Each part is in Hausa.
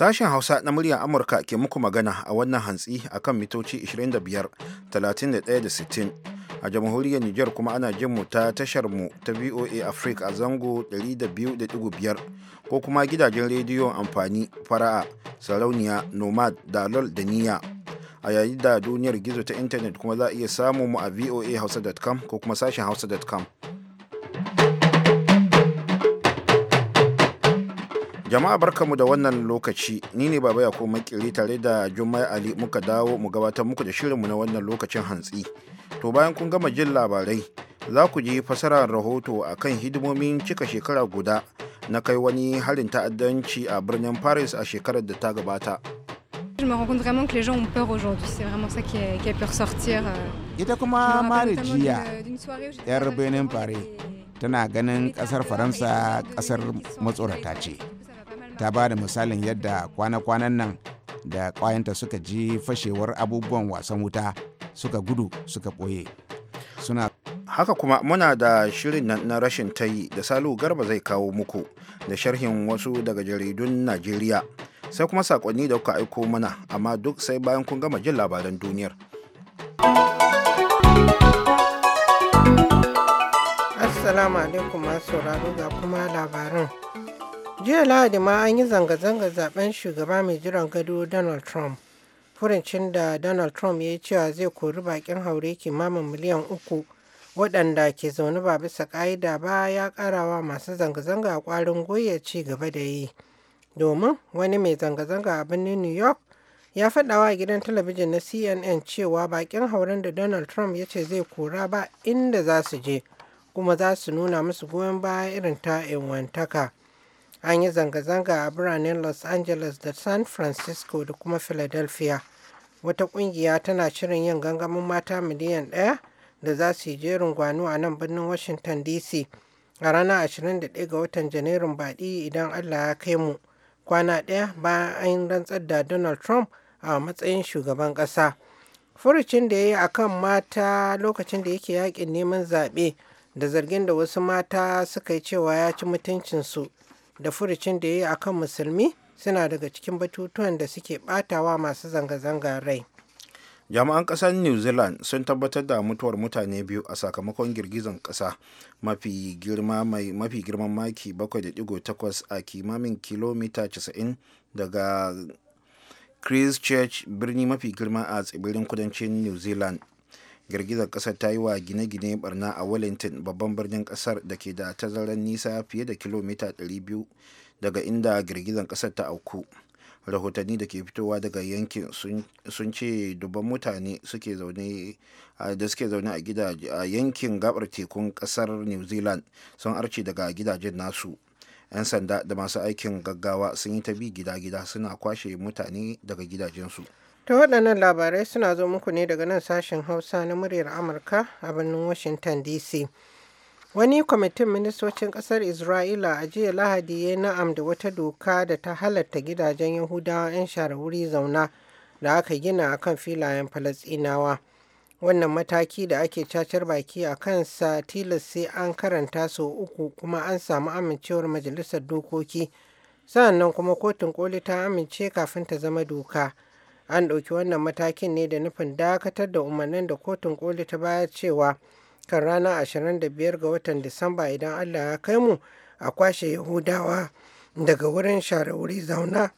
Sashen Hausa na muryar Amurka ke muku magana a wannan hantsi akan mitoci 25, 31 da 60. A jamhuriyar Nijar kuma ana jin mu ta tashar mu ta VOA Africa a zango 200.5 ko kuma gidajen rediyo amfani fara'a, sarauniya, nomad, da dalol da niyya. A yayin da duniyar gizo ta intanet kuma za a iya samu mu a voahausa.com ko kuma sashen hausa.com. jama'a barkamu da wannan lokaci ni ne baba ya kuma kiri tare da jummai ali muka dawo mu gabatar muku da shirinmu na wannan lokacin hantsi to bayan kun gama jin labarai za ku ji fasarar rahoto a kan hidimomin cika shekara guda na kai wani harin ta'addanci a birnin paris a shekarar da ta gabata euh. Ita kuma Mari Jiya, 'yar Benin paris tana ganin kasar Faransa ƙasar matsorata ce. ta ba da misalin yadda kwana-kwanan nan da kwayanta suka ji fashewar abubuwan wasan wuta suka gudu suka ɓoye suna haka kuma muna da shirin nan na rashin ta yi da salu garba zai kawo muku da sharhin wasu daga jaridun najeriya sai kuma sakonni da kuka aiko mana amma duk sai bayan kun gama jin labaran duniyar assalamu alaikum masu ga kuma labaran jiya lahadi ma an yi zanga-zangar zaben shugaba mai jiran gado donald trump furincin da donald trump ya yi cewa zai kori bakin haure kimanin miliyan uku waɗanda ke zaune ba bisa ƙa'ida ba ya ƙarawa masu zanga-zanga ƙwarin gwiwa ci gaba da yi domin wani mai zanga-zanga a birnin new york ya faɗawa gidan talabijin na cnn cewa bakin hauren da donald trump ya ce zai kora ba inda za su je kuma za su nuna musu goyon baya irin ta 'yan wantaka An yi zanga-zanga a biranen Los Angeles da San Francisco da kuma Philadelphia. Wata ƙungiya tana shirin yin gangamin mata miliyan ɗaya da za su yi jerin a nan birnin Washington DC a ranar 21 ga watan Janairun baɗi idan Allah ya kai mu. Kwana ɗaya bayan an rantsar da Donald Trump a matsayin shugaban ƙasa. Furucin da ya yi a kan mata lokacin da yake yaƙin neman zaɓe da zargin da wasu mata suka yi cewa ya ci mutuncinsu da furucin da ya yi a musulmi suna daga cikin batutuwan da suke batawa masu zanga-zanga rai jami'an kasar new zealand sun tabbatar da mutuwar mutane biyu a sakamakon girgizan kasa mafi girma mai mafi girman maki 7.8 a kimamin kilomita 90 daga christchurch birni mafi girma a tsibirin kudancin new zealand girgizar kasar ta yi wa gine-gine barna a wellington babban birnin kasar da ke da tazarar nisa fiye da kilomita 200 daga inda girgizar kasar ta auku rahotanni da ke fitowa daga yankin sun ce dubban mutane suke zaune da suke zaune a gidaje a yankin gabar tekun kasar new zealand sun arce daga gidajen nasu 'yan sanda da masu aikin gaggawa sun yi ta bi gida-gida suna kwashe mutane daga gidajensu Ta waɗannan labarai suna zo muku ne daga nan sashen Hausa na muryar Amurka a birnin Washington DC. Wani kwamitin ministocin ƙasar Isra'ila a jiya Lahadi ya na'am da wata doka da ta halatta gidajen Yahudawa 'yan share wuri zauna da aka gina a kan filayen Falasɗinawa. Wannan mataki da ake cacar baki a kansa tilas sai an karanta su uku kuma an samu amincewar Majalisar Dokoki, sa'an nan kuma Kotun Koli ta amince kafin ta zama doka. an ɗauki wannan matakin ne da nufin dakatar da umarnin da kotun koli ta bayar cewa kan ranar 25 ga watan disamba idan allah ya kai mu a kwashe yahudawa daga wurin share wuri zauna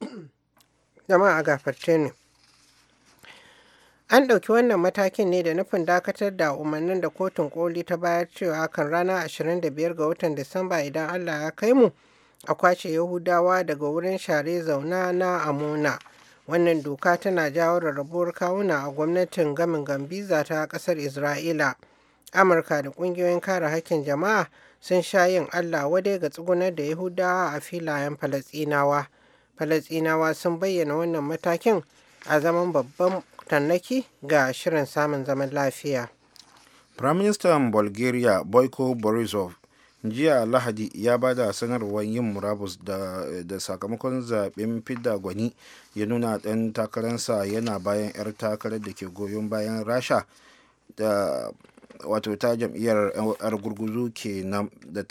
a gafarce ne an ɗauki wannan matakin ne da nufin dakatar da umarnin da kotun koli ta bayar cewa kan rana 25 ga watan disamba idan allah ya kai mu a kwace Yahudawa daga wurin share zauna na Amona. Wannan doka tana jawo rarrabuwar kawuna a gwamnatin gamin Gambiza ta ƙasar Isra'ila. Amurka da ƙungiyoyin kare hakkin jama'a sun sha yin Allah wadai ga tsugunar da Yahudawa a filayen Falasɗinawa. Falasɗinawa sun bayyana wannan matakin a zaman babban tannaki ga shirin samun zaman lafiya. Firaministan Bulgaria Boyko Borisov jiya lahadi ya ba da sanarwar yin murabus da, sakamakon zaben fidda gwani ya nuna ɗan takararsa yana bayan 'yar takarar da ke goyon bayan rasha da wato ta jam'iyyar 'yar gurguzu ke nan da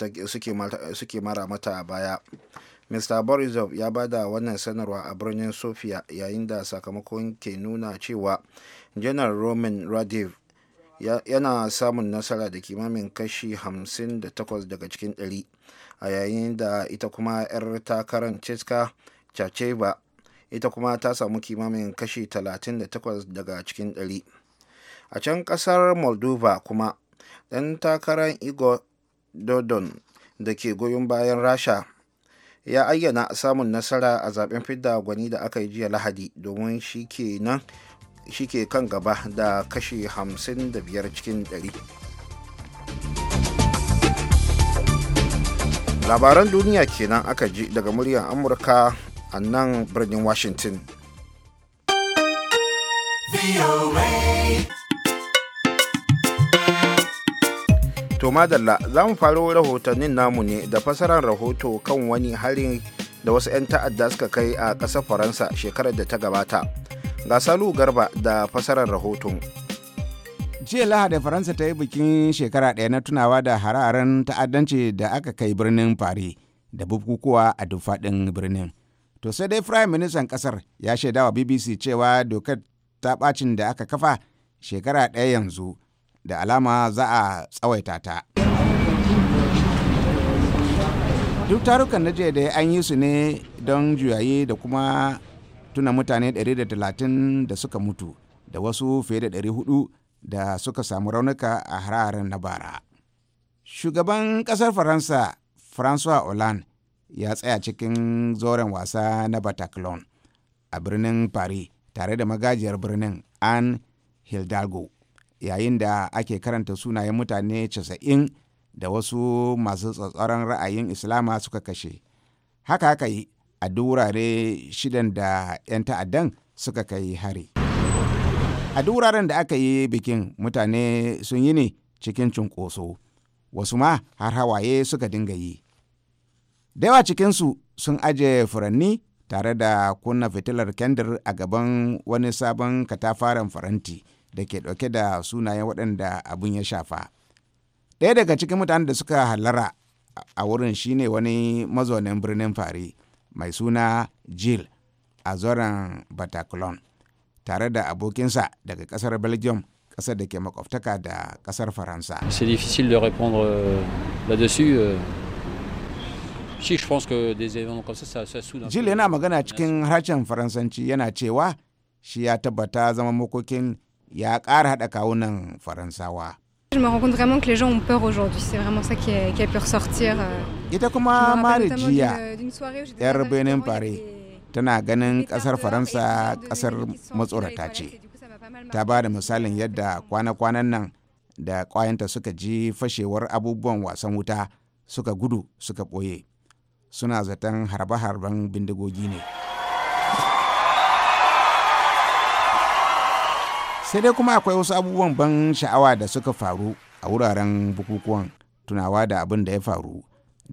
suke mara mata a baya mr borisov ya ba da wannan sanarwa a birnin sofia yayin da sakamakon ke nuna cewa janar roman radev yana samun nasara da kimamin kashi 58 daga cikin 100 a yayin da ita kuma 'yar takarar ceska chacheva ita kuma ta samu kimamin kashi 38 daga cikin 100 a can kasar moldova kuma ɗan takarar igor dodon da ke goyon bayan rasha ya ayyana samun nasara a zaben fidda gwani da aka yi jiya lahadi domin shi ke nan shike kan gaba da kashi 55 cikin 100 labaran duniya kenan aka ji daga muryar amurka a nan birnin washington To madalla za mu faro rahotannin namu ne da fasaran rahoto kan wani hari da wasu 'yan ta'adda suka kai a ƙasar Faransa shekarar da ta gabata ga salu garba da fasarar rahoton jiya lahadi faransa ta yi bikin shekara ɗaya na tunawa da hare ta'addanci da aka kai birnin fari da bukukuwa a duk faɗin birnin to sai dai firayim ministan ƙasar ya shaidawa bbc cewa dokar ta ɓacin da aka kafa shekara ɗaya yanzu da alama za a tsawaita ta duk tarukan na jiya da an yi su ne don juyayi da kuma tuna mutane 130 da suka mutu da wasu fiye da 400 da suka samu raunuka a hararen na bara. Shugaban ƙasar Faransa, François Hollande, ya tsaya cikin zoren wasa na Bataclan a birnin Paris tare da magajiyar birnin Anne Hidalgo, yayin da ake karanta sunayen mutane 90 da wasu masu tsatsaron ra'ayin Islama suka kashe. Haka haka yi, a duk shidan da 'yan ta'addan suka kai hari. A duk wuraren da aka yi bikin mutane sun yi ne cikin cunkoso, wasu ma har hawaye suka dinga yi. Da cikinsu sun aje furanni tare da kunna fitilar kendir a gaban wani sabon katafaren faranti da ke ɗauke da sunayen waɗanda abin ya shafa. Ɗaya daga cikin mutanen da suka halara a wurin shine wani mazaunin birnin fari. mai suna jill a zoren bataclan tare da abokinsa daga kasar belgium kasar da ke makwabtaka da kasar faransa euh, euh. jill yana magana cikin harshen faransanci yana cewa shi ya tabbata zama makokin ya ƙara haɗa kawunan faransawa Je me rends compte vraiment que les gens ont peur aujourd'hui. C'est vraiment ça qui a, qui a pu ressortir. Ita kuma Mari jiya, 'yar Benin Pare, tana ganin ƙasar Faransa ƙasar matsorata ce. Ta ba da misalin yadda kwana-kwanan nan da ƙwayanta suka ji fashewar abubuwan wasan wuta suka gudu suka ɓoye. Suna zaton harbe-harben bindigogi ne. sai dai kuma akwai wasu abubuwan ban sha'awa da suka faru a wuraren bukukuwan tunawa da abin da ya faru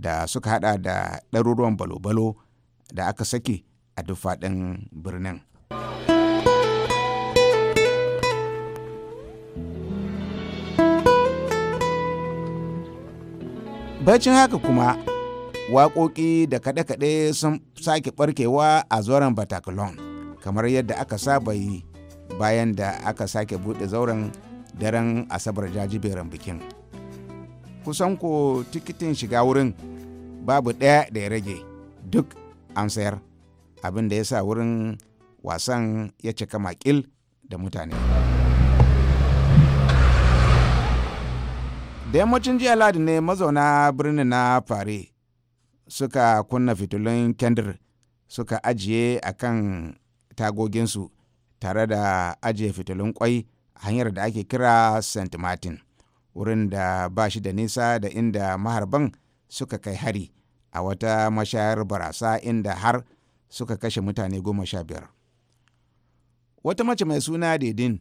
da suka hada da ɗaruruwan balobalo da aka sake a duk faɗin birnin. Bacin haka kuma waƙoƙi da kaɗe-kaɗe sun sake ɓarkewa a zoren Bataclan kamar yadda aka saba yi bayan da aka sake buɗe zauren daren asabar jajiberin bikin kusan ko tikitin shiga wurin babu ɗaya da ya rage duk an sayar abin ya sa wurin wasan ya cika makil da mutane da yammacin jiya ladi ne mazauna birnin na fare suka kunna fitilun kendir suka ajiye a kan tagoginsu tare da ajiye fitilun kwai a hanyar da ake kira st martin wurin da ba shi da nisa da inda maharban suka kai hari a wata mashayar barasa inda har suka kashe mutane goma sha biyar wata mace mai suna daidin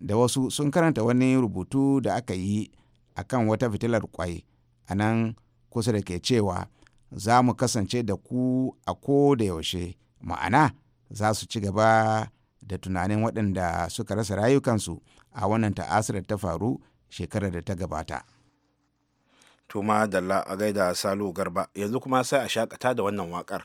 da wasu sun karanta wani rubutu da aka yi a kan wata fitilar kwai a nan kusa da ke cewa za mu kasance da ku a ko da yaushe ma'ana za su ci gaba da tunanin waɗanda suka rasa rayukansu a wannan ta'asirar ta faru shekarar da ta gabata. Tuma da a gaida Salu Garba yanzu kuma sai a shakata da wannan waƙar.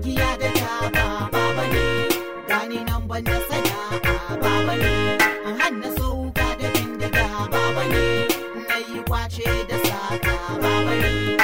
magiya da taba baba ne gani nan ban da sana'a baba ne in hanna sauka da bindiga baba ne na yi kwace da sata baba ne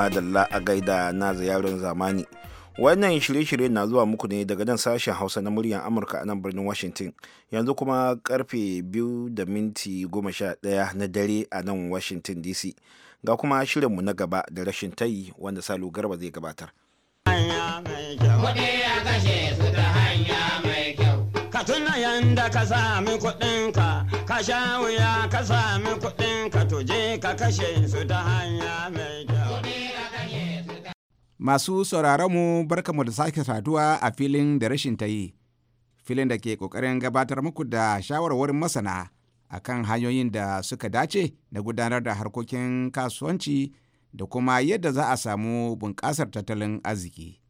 madalla a gaida na ziyarar zamani wannan shirye-shirye na zuwa muku ne daga nan sashen hausa na muryar amurka a nan birnin washington yanzu kuma karfe biyu da minti goma sha daya na dare a nan washington dc ga kuma shirinmu na gaba da rashin tayi wanda salo garba zai gabatar ka tuna yanda ka sami kuɗinka ka sha wuya ka sami to je ka kashe su ta hanya mai Masu sauraronmu barkamu da sake saduwa a filin da rashin ta yi, filin da ke ƙoƙarin gabatar muku da shawarwarin masana a kan hanyoyin da suka dace na gudanar da harkokin kasuwanci da kuma yadda za a samu bunƙasar tattalin arziki.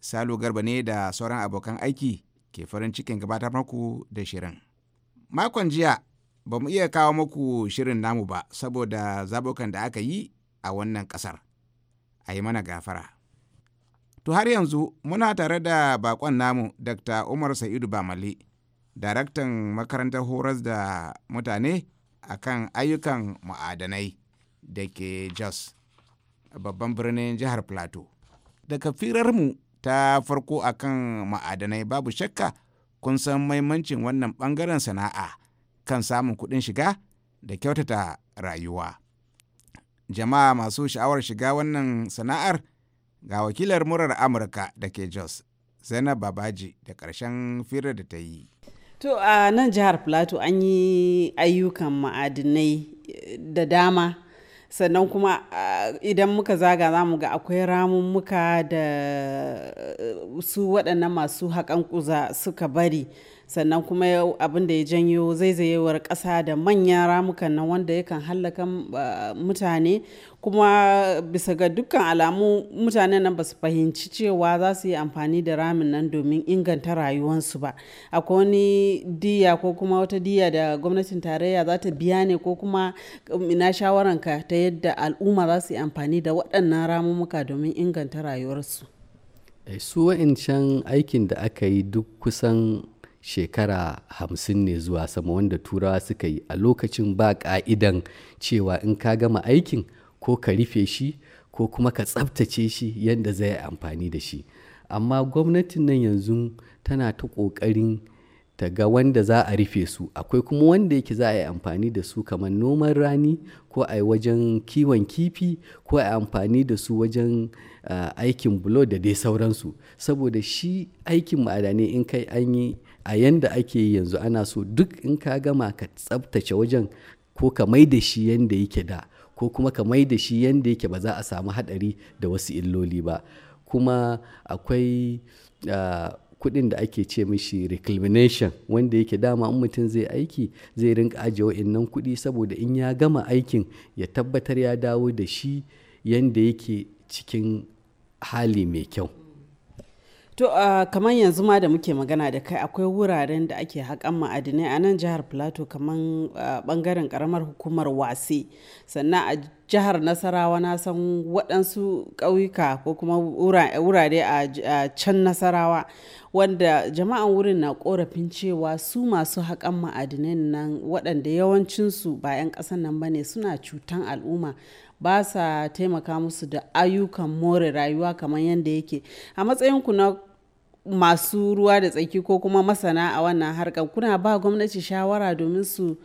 Salu Garba ne da sauran abokan aiki ke farin cikin gabatar muku da shirin. Makon jiya ba mu iya kawo muku shirin namu ba saboda zabukan da aka yi a wannan ƙasar. A yi mana gafara. To har yanzu muna tare da bakon namu Dr. Umar Sa'idu Bamale, daraktan makarantar horas da mutane a kan ayyukan ma'adanai da ke Jos, babban birnin jihar Plateau. Daga firarmu ta farko a kan ma'adanai babu shakka kun san maimancin wannan bangaren sana'a kan samun kuɗin shiga da kyautata rayuwa. Jama'a masu sha'awar shiga wannan sana'ar. Ga wakilar murar Amurka da ke Jos, Zainab Babaji da ƙarshen firar da ta yi. To a nan jihar Plateau an yi ayyukan ma'adinai eh, da dama. sannan kuma idan muka zaga za mu ga akwai ramummuka da eh, su waɗannan masu haƙan kuza suka bari sannan kuma abin da ya janyo zaizayewar ƙasa da manyan ramukan nan wanda yakan hallaka ah, mutane kuma bisa ga dukkan alamu mutanen nan ba su fahimci cewa za su yi amfani da ramin nan domin inganta rayuwarsu ba akwai wani diya ko kuma wata diya da gwamnatin tarayya za ta biya ne ko kuma um, ina shawaranka ta yadda al'umma za su yi amfani da waɗannan ramumuka domin inganta rayuwarsu eh, su aikin da aka yi duk kusan shekara hamsin ne zuwa sama wanda turawa suka yi a lokacin ba ka'idan cewa in ka gama aikin ko ka rufe shi ko kuma ka tsabtace shi yadda zai amfani da shi amma gwamnatin nan yanzu tana ta ƙoƙarin ta ga wanda za a rufe su akwai kuma wanda yake za a yi amfani da su kamar noman rani ko a yi wajen kiwon kifi ko a yi amfani da su wajen eh, aikin bulo da dai sauransu saboda shi aikin ma'adane in kai an yi a yanda ake yi yanzu ana so duk in ka gama ka tsabtace wajen ko ka mai da shi yanda yake da ko kuma ka mai da shi yanda yake ba za a samu hadari da wasu illoli ba kuma akwai ah, kudin da ake ce mishi reclamation wanda yake dama in mutum zai aiki zai rinka ajiye wa'innan kuɗi saboda in ya gama aikin ya tabbatar ya dawo da shi yanda yake cikin hali mai kyau To uh, kamar yanzu ma da muke magana da kai akwai wuraren da ake haƙan ma'adinai a nan jihar Plateau kamar uh, bangaren karamar hukumar wase sannan a jihar Nasarawa na san waɗansu ƙauyuka ko kuma wurare a can Nasarawa wanda jama'an wurin na ƙorafin cewa su masu haƙan ma'adinai nan waɗanda yawancinsu ba 'yan ƙasan nan ba ne suna cutan al'umma ba sa taimaka musu da ayyukan more rayuwa kamar yadda yake a matsayin ku na masu ruwa da tsaki ko kuma masana a wannan harkar kuna ba gwamnati shawara domin su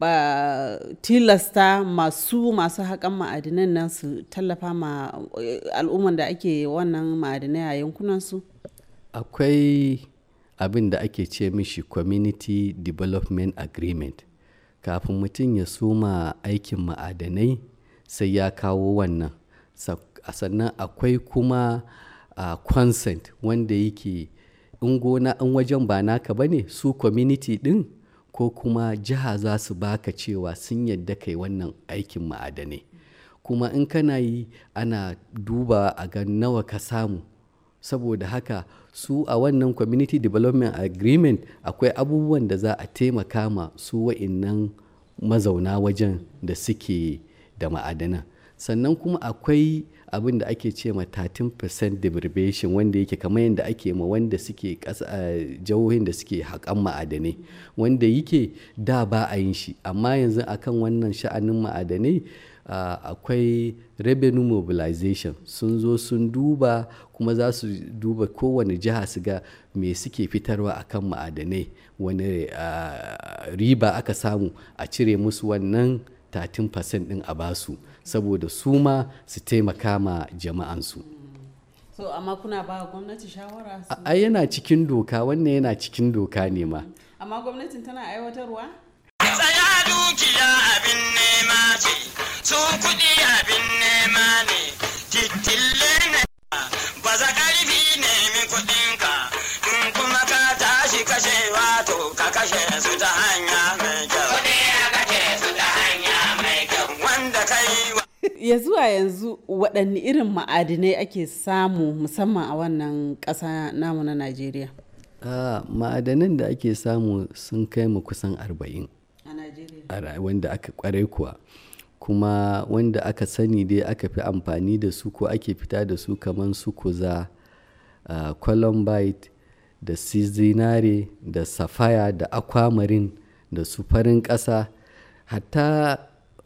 ba tilasta masu masu haƙan ma'adinan nan su tallafa ma eh, al'umman da ake wannan ma'adinai a su. akwai abin da ake ce mishi community development agreement kafin mutum ya suma aikin ma'adanai sai ya kawo wannan sannan akwai kuma consent wanda yake in gona in wajen ba naka ba ne su community ɗin ko kuma jiha za su baka cewa sun yadda kai wannan aikin ma'adanai kuma in kana yi ana duba a ga nawa ka samu saboda haka su a wannan community development agreement akwai abubuwan da za a taimaka ma su wa'innan mazauna wajen da suke da ma'adanan sannan kuma akwai abin da ake ce ma 13% deprivation wanda yake kamar yadda ake ma wanda suke jihohin da suke haƙan ma'adanai wanda yake da ba a yin shi amma yanzu akan wannan sha'anin ma'adanai akwai revenue mobilization sun zo sun duba kuma za su duba kowane jiha su ga me suke fitarwa akan ma'adanai wani riba aka samu a cire musu wannan 30% din a basu saboda su ma su taimaka ma jama'ansu so amma kuna ba gwamnati shawara a yana cikin doka wannan yana cikin doka ne ma amma gwamnatin tana aiwatarwa tsaya dukiya abin nema ce su kudi abin nema ne titille ne ba za karfi nemi kuɗinka, in kuma ka tashi kashewa to ka kashe su ta ya zuwa yanzu waɗanne irin ma'adinai ake samu musamman a wannan ƙasa namu na najeriya ma'adanan da ake samu sun kai mu kusan arba'in a wanda aka kware kuwa kuma wanda aka sani dai aka fi amfani da su ko ake fita da su kamar su kuza uh, columbite da sizinare da safaya da akwamarin da su farin ƙasa hatta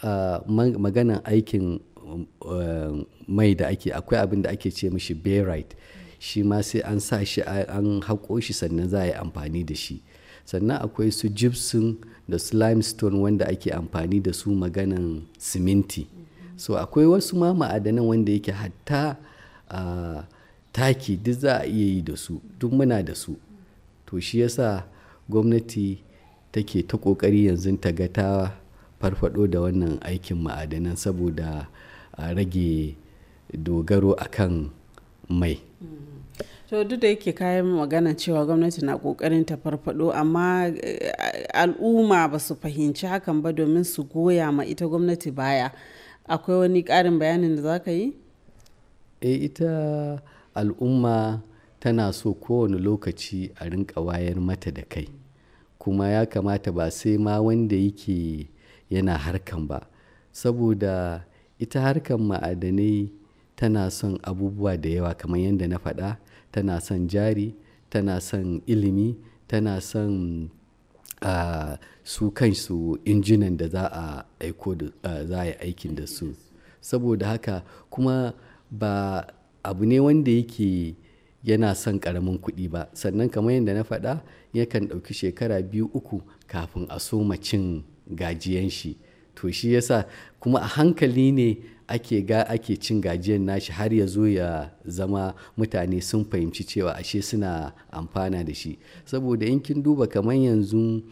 uh, maganan aikin Um, um, mai da ake akwai abin da ake ce mishi barite shi ma sai an sa shi an haƙo shi sannan za a yi amfani da shi sannan akwai su gypsum da su limestone wanda ake amfani da su maganan siminti so akwai wasu ma ma'adanan wanda yake hatta uh, taki duk za a iya yi da su duk muna da su to shi yasa gwamnati take ta ƙoƙari yanzu ta ga ta farfado da wannan aikin ma'adanan saboda a rage dogaro akan mai to duk da yake kayan magana cewa gwamnati na kokarin ta farfado amma eh, al'umma ba su fahimci hakan ba domin su goya ma ita gwamnati baya akwai wani karin bayanin da za ka yi e ita al'umma tana so kowane lokaci a rinka wayar mata da kai kuma ya kamata ba sai ma wanda yake yana harkan ba saboda ita harkar ma'adanai tana son abubuwa da yawa kamar yadda na faɗa tana son jari tana son ilimi tana son su kansu injinan da za a aiko za a yi aikin da su saboda haka kuma ba abu ne wanda yake yana son karamin kuɗi ba sannan kamar yadda na faɗa yakan ɗauki shekara biyu uku kafin a soma cin gajiyan shi to shi yasa kuma a hankali ne ake ga ake cin gajiyar nashi har ya zo ya zama mutane sun fahimci cewa ashe suna amfana da shi saboda in kin duba kamar yanzu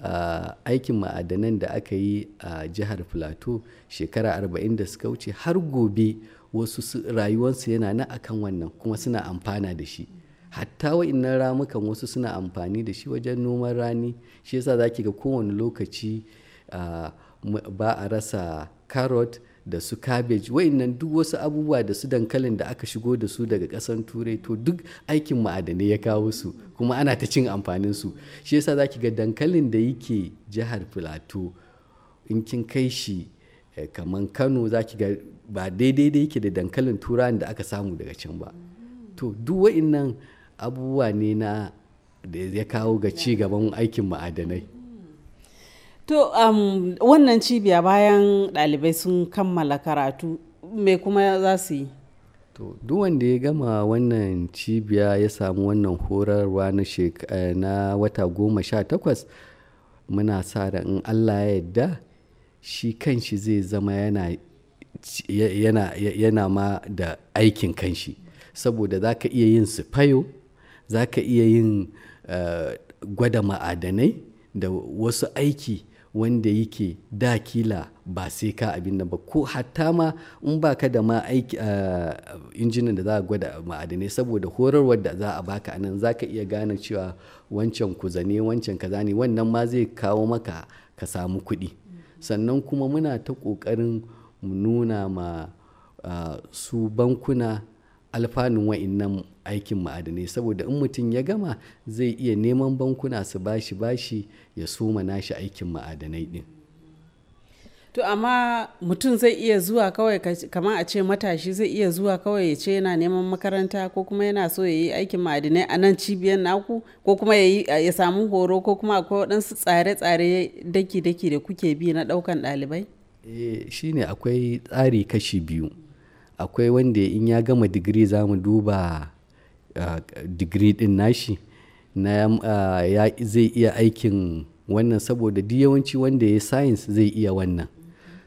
Uh, aikin ma'adanan da aka yi a jihar plateau shekara arba'in da suka wuce har gobe wasu rayuwarsu yana na akan wannan kuma suna amfana da shi hatta wa'innan ramukan wasu suna amfani da shi wajen noman rani shi yasa za ki ga kowane lokaci uh, ba a rasa carrot da su cabbage wayannan duk wasu abubuwa da su dankalin da aka shigo da su daga kasan turai to duk aikin ma'adanai ya kawo su kuma ana ta cin amfanin su shi yasa zaki ga dankalin da yake jihar filato in kin kai shi eh, kamar kano zaki ga ba daidai da yake da dankalin turan da aka samu daga can ba to duk wayannan abubuwa ne na da ya kawo ga ci gaban aikin ma'adanai To um, wannan cibiya bayan ɗalibai sun kammala karatu me kuma za su yi? To duk wanda ya gama wannan cibiya ya samu wannan horarwa na eh, wata goma sha takwas muna sa da in Allah ya yadda shi kanshi zai zama yana yana, yana ma da aikin kanshi saboda za ka iya yin sifayo za ka iya yin uh, gwada ma'adanai da wasu aiki wanda yake da kila ba sai ka abin nan ba ko hatta ma in ba ka da ma aiki ah, injinin da za a gwada ma'adanai saboda horarwar da za a baka anan za ka iya gane cewa wancan kuza ne wancan kaza ne wannan ma zai kawo maka ka samu kuɗi sannan kuma muna ta ƙoƙarin nuna ma ah, su bankuna alfanun wa'innan aikin ma'adanai saboda in mutum ya gama zai iya neman bankuna su bashi bashi ya soma nashi aikin ma'adanai din to amma mutum zai iya zuwa kawai kamar a ce matashi zai iya zuwa kawai ya ce yana neman makaranta ko kuma yana so ya yi aikin ma'adinai a nan cibiyar naku ko kuma ya samu horo ko kuma akwai waɗansu tsare-tsare daki-daki da kuke bi na ɗaukan ɗalibai? Eh, shi ne akwai tsari kashi biyu akwai wanda in ya gama digiri za mu duba digiri din nashi na ya zai iya aikin wannan saboda duk yawanci wanda ya science zai iya wannan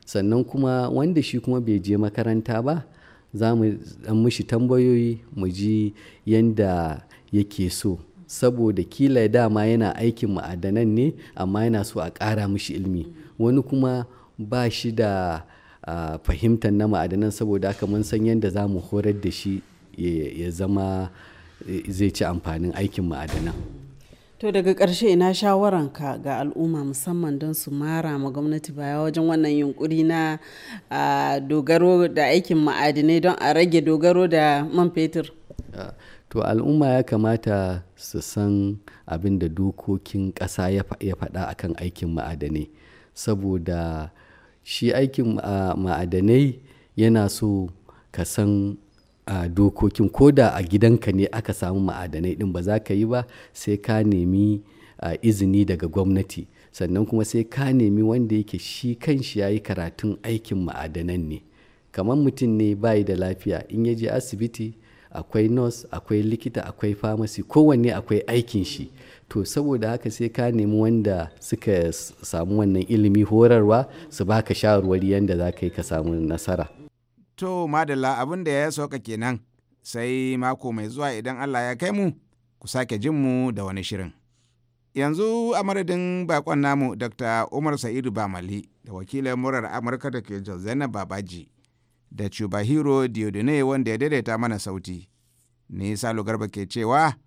sannan kuma wanda shi kuma bai je makaranta ba za mu dan mishi tambayoyi mu ji yanda yake so saboda kila dama yana aikin ma'adanan ne amma yana so a ƙara mishi ilmi wani kuma ba shi da fahimtar na ma'adanan saboda haka mun san yadda za mu horar da shi ya zama e, zai ci amfanin aikin ma'adanan to daga ƙarshe ina shawaranka ga al'umma musamman don su mara ma gwamnati baya wajen wannan yunkuri na dogaro da aikin ma'adinai don a rage dogaro da man fetur to al'umma ya kamata su san abin da dokokin ƙasa ya faɗa akan aikin ma'adanai saboda shi aikin ma'adanai yana so ka san dokokin ko da a gidanka ne aka samu ma'adanai din ba za ka yi ba sai ka nemi izini daga gwamnati sannan kuma sai ka nemi wanda yake shi kanshi ya yi karatun aikin ma'adanan ne kamar mutum ne bayi da lafiya in ya je asibiti akwai nurse akwai likita akwai pharmacy kowanne akwai aikin shi to saboda haka sai ka nemi wanda suka samu wannan ilimi horarwa su baka shawarwari yadda za ka yi ka samu nasara to madalla abin da ya sauka kenan sai mako mai zuwa idan allah ya kai mu ku sake jin mu da wani shirin yanzu a madadin bakon namu dr umar sa'idu bamali da wakilin murar amurka da ke zainab babaji da Chubahiro Diodune wanda ya daidaita mana sauti. Ni Salo Garba ke cewa,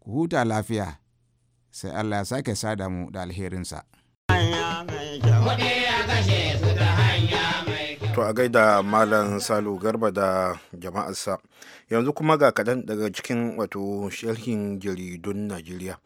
ku huta lafiya. sai Allah ya sake sada mu da alherinsa. To a gaida Malam Salu Garba da jama'arsa yanzu kuma ga kaɗan daga cikin wato sharhin jaridun Najeriya.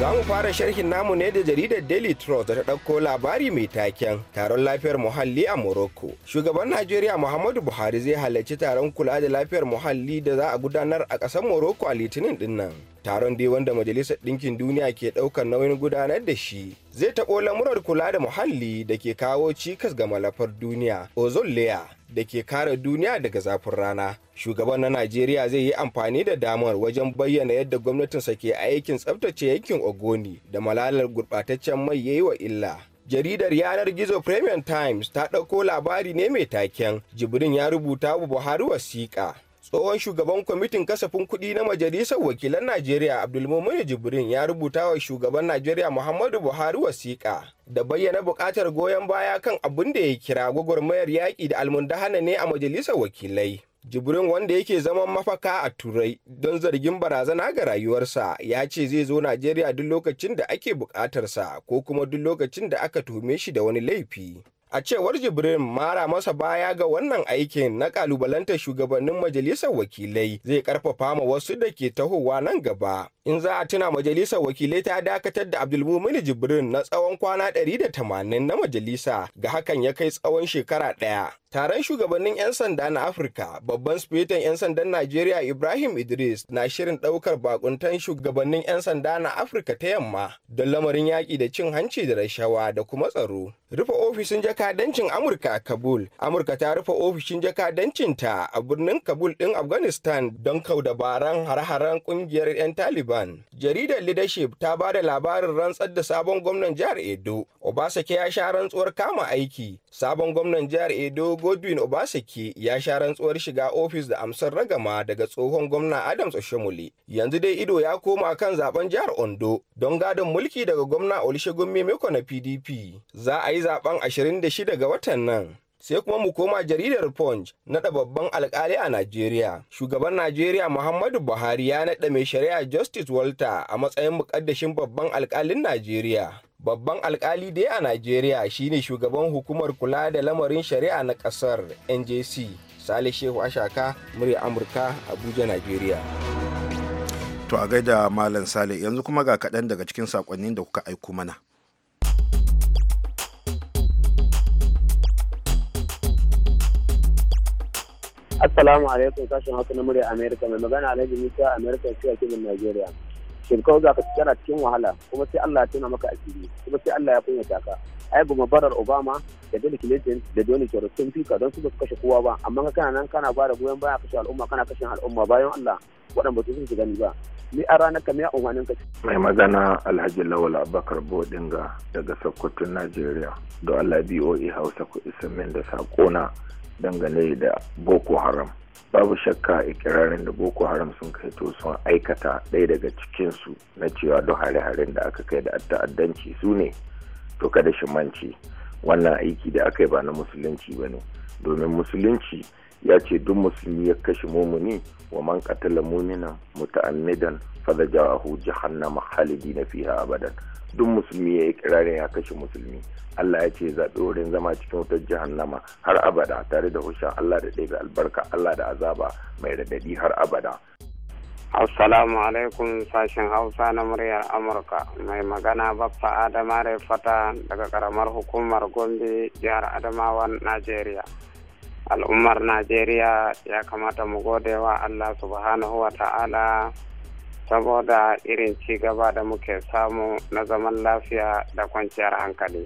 Za mu fara sharhin namu ne da jaridar Daily Trust da ta ɗauko labari mai taken taron lafiyar muhalli a Morocco. Shugaban Najeriya Muhammadu Buhari zai halarci taron kula da lafiyar muhalli da za a gudanar a ƙasar Morocco a Litinin ɗinnan. taron dai wanda majalisar ɗinkin duniya ke ɗaukar nauyin gudanar da shi zai taɓo lamurar kula da muhalli da ke kawo cikas ga malafar duniya ozone da ke kare duniya daga zafin rana shugaban na najeriya zai yi amfani da damar wajen bayyana yadda gwamnatinsa ke aikin tsabtace yankin ogoni da malalar gurɓataccen mai ya yi wa illa jaridar yanar gizo premium times ta ɗauko labari ne mai taken jibrin ya rubuta wa buhari wasiƙa tsohon shugaban kwamitin kasafin kuɗi na majalisar wakilan najeriya abdulmumini jibrin ya rubuta wa shugaban najeriya muhammadu buhari wasiƙa da bayyana buƙatar goyon baya kan abin da ya kira gwagwarmayar yaƙi da almundahana ne a majalisar wakilai jibrin wanda yake zaman mafaka a turai don zargin barazana ga rayuwarsa ya ce zai zo najeriya duk lokacin da ake buƙatarsa ko kuma duk lokacin da aka tume shi da wani laifi A cewar Jibrin mara masa baya ga wannan aikin na kalubalantar shugabannin majalisar wakilai zai karfafa ma wasu da ke tahowa nan gaba. in za a tuna majalisar wakilai ta dakatar da abdulmumin jibrin na tsawon kwana 180 na majalisa ga hakan ya kai tsawon shekara ɗaya taron shugabannin 'yan sanda na afirka babban sufetan 'yan sandan najeriya ibrahim idris na shirin ɗaukar bakuntan shugabannin 'yan sanda na afirka ta yamma don lamarin yaƙi da cin hanci da rashawa da kuma tsaro rufe ofishin jakadancin amurka a kabul amurka ta rufe ofishin jakadancin a birnin kabul ɗin afghanistan don kau dabaran har-haren ƙungiyar 'yan taliban Taliban. Jaridar Leadership ta ba da labarin rantsar da sabon gwamnan jihar Edo, Obasake ya sha rantsuwar kama aiki. Sabon gwamnan jihar Edo Godwin Obasake ya sha rantsuwar shiga ofis da amsar ragama daga tsohon gwamna Adams Oshomole. Yanzu dai ido ya koma kan zaben jihar Ondo don gadon mulki daga gwamna Olusegun Mimiko na PDP. Za a yi zaben 26 ga watan nan. sai kuma mu koma jaridar punch naɗa babban alkali a najeriya shugaban najeriya muhammadu buhari ya naɗa mai shari'a justice walter a matsayin muƙaddashin babban alkalin najeriya babban alkali dai a najeriya shine shugaban hukumar kula da lamarin shari'a na ƙasar njc sale shehu ashaka murya amurka abuja najeriya to a gaida malam sale yanzu kuma ga kaɗan daga cikin saƙonnin da kuka aiko mana Assalamu alaikum sashen hausa na murya Amerika mai magana Alhaji Musa Amerika su a kibin Najeriya. Shirkau za ka tana cikin wahala kuma sai Allah ya tuna maka asiri kuma sai Allah ya kunya taka. Ai ba barar Obama da Bill Clinton da Donald Trump sun fika don su ba su kashe kowa ba amma kana nan kana ba da goyon baya kashe al'umma kana kashe al'umma bayan Allah waɗanda ba su gani ba. Ni a ranar ka mai umarnin ka. Mai magana Alhaji Lawal Abubakar Bodinga daga Sokoto Najeriya. Don Allah BOE Hausa ku isa min da saƙona. dangane da boko haram babu shakka ikirarin da boko haram sun kai to sun aikata ɗaya daga cikinsu na cewa duk hare-haren da aka kai da ta'addanci su ne to kada shi manci wannan aiki da aka yi ba na musulunci ba ne domin musulunci ya ce duk musulmi ya kashe mumuni wa man qatala mumina muta'ammidan fadajahu jahannama khalidina fiha abadan duk musulmi ya yi kirarin ya kashe musulmi Allah ya ce zaɓi wurin zama cikin wutar jahannama har abada tare da hushin Allah da ɗaya albarka Allah da azaba mai radadi har abada. Assalamu alaikum sashen Hausa na muryar Amurka mai magana Baffa Adama Fata daga karamar hukumar Gombe jihar Adamawan Najeriya. al'ummar najeriya ya kamata mu gode wa allah subhanahu wa ta'ala saboda irin ci gaba da muke samu na zaman lafiya da kwanciyar hankali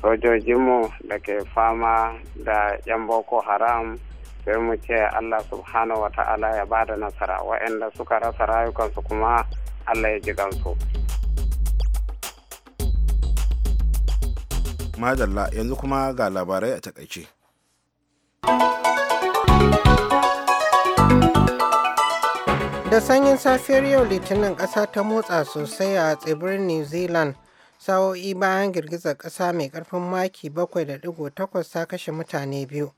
sojojinmu da ke fama da 'yan boko haram sai mu ce allah subhanahu wa ta'ala ya ba da nasara waɗanda suka rasa rayukansu kuma allah ya ji gansu madalla yanzu kuma ga labarai a takaice da sanyin safiyar yau litinin ƙasa ta motsa sosai a tsibirin new zealand sa'o'i bayan girgizar ƙasa mai karfin maki 7.8 ta kashe mutane biyu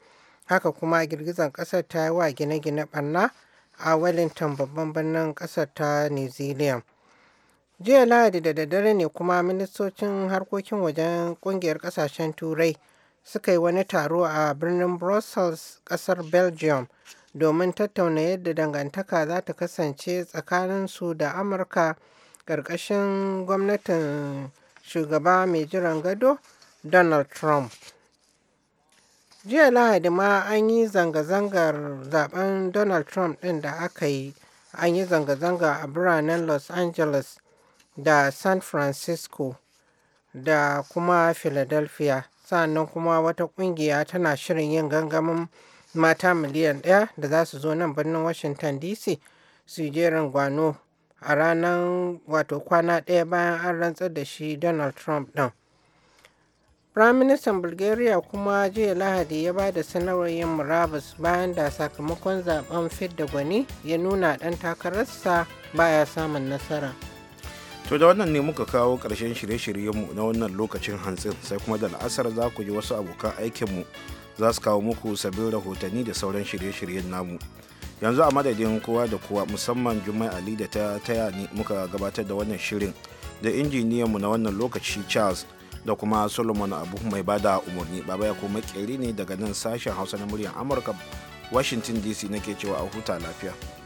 haka kuma girgizar ƙasar ta yi wa gine-gine barna a wellington babban birnin ƙasar ta new zealand jiya lahadi da daddare ne kuma ministocin harkokin wajen ƙungiyar ƙasashen turai suka yi wani taro a birnin Brussels, ƙasar Belgium, domin tattauna yadda dangantaka za ta kasance tsakanin su da Amurka ƙarƙashin gwamnatin shugaba mai jiran gado Donald Trump. jiya lahadi ma an yi zanga-zangar zaben donald trump ɗin da aka yi an yi zanga-zanga a biranen los angeles da san francisco da kuma philadelphia sannan kuma wata kungiya tana shirin yin gangamin mata miliyan ɗaya da za su zo nan birnin washington dc su jerin gwano a ranar wato kwana ɗaya bayan an rantsar da shi donald trump ɗin Firaministan Bulgaria kuma jiya Lahadi ya ba da sanarwar yin murabus bayan da sakamakon zaben fidda gwani ya nuna ɗan takararsa baya samun nasara. to da wannan ne muka kawo ƙarshen shirye-shiryenmu na wannan lokacin hantsin sai kuma da la'asar za ku ji wasu abokan aikinmu za su kawo muku sabbin rahotanni da sauran shirye-shiryen namu yanzu a madadin kowa da kowa musamman juma'a ali da ta taya ni muka gabatar da wannan shirin da injiniyanmu na wannan lokaci charles da kuma solomon abu mai bada umarni baba ya kuma ne daga nan sashen hausa na muryar amurka washington dc nake cewa a huta lafiya